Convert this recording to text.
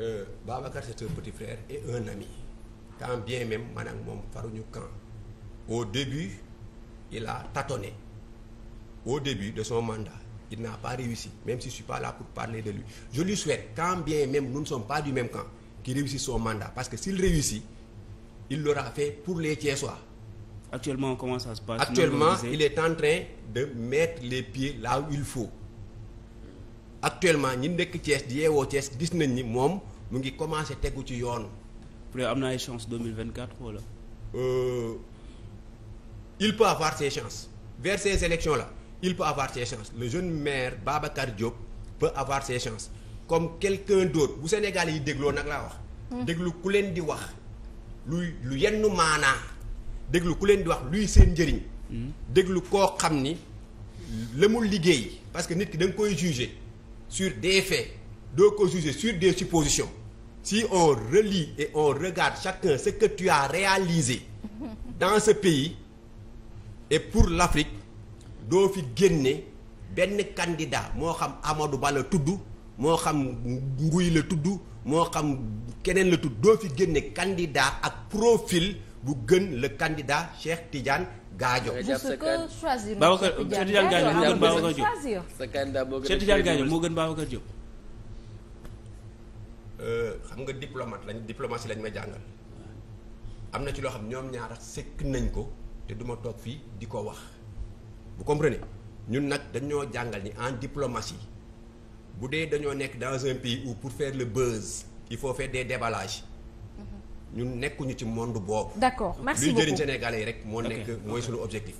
euh, Babacar c'est un petit frère et un ami quand bien même man ak moom ñu camp au début il a tâtonné au début de son mandat il n'a pas réussi même si je suis pas là pour parler de lui je lui souhaite quand bien même nous ne sommes pas du même camp qu'il réussisse son mandat parce que s'il réussit il l'aura fait pour les Thiessois actuellement comment ça actuellement il est en de mettre les pieds la où il faut actuellement ñi nekk Thiès di yeewoo Thiès gis nañ ni moom mu ngi commencé tegu ci yoon. pour am na ay chance 2024 wala. Euh, il peut avoir ses chances vers ces élections là il peut avoir ses chances le jeune maire Babacar Diop peut avoir ses chances comme quelqu'un d'autre bu Sénégal yi dégloo nag laa wax. Hmm. déglu ku leen di wax luy lu yenn maanaa déglu ku leen di wax luy seen njëriñ. Hmm. déglu koo xam ni la mu liggéey parce que nit ki da nga koy juger. sur des faits doo ko juger sur des suppositions si on relie et on regarde chacun ce réalisé dans ce pays et pour l'Afrique doo fi génne benn candidat moo xam Amadou Ba la tudd moo xam Nguy la tudd moo xam keneen la tudd doo fi génne candidat ak profil bu gën le candidat Cheikh Tidiane Gadio. Babacar Cheikh Tidiane Gadio moo gën Babacar Diop. sa candidat moo gën Cheikh Tidiane Gadio moo gën Babacar Diop. Euh, xam nga diplomate lañ diplomatie lañ ma jàngal am na ci loo xam ñoom ñaar sekk nañ ko te du ma toog fii di ko wax vous comprenez ñun nag dañoo jàngal ni en diplomatie bu dee dañoo nekk dans un pays où pour faire le buzz il faut faire des déballages. ñun nekkuñu ci monde boobu. d'accord merci beaucoup luy jëriñ Sénégalais yi rek moo nekk mooy suñu objectif.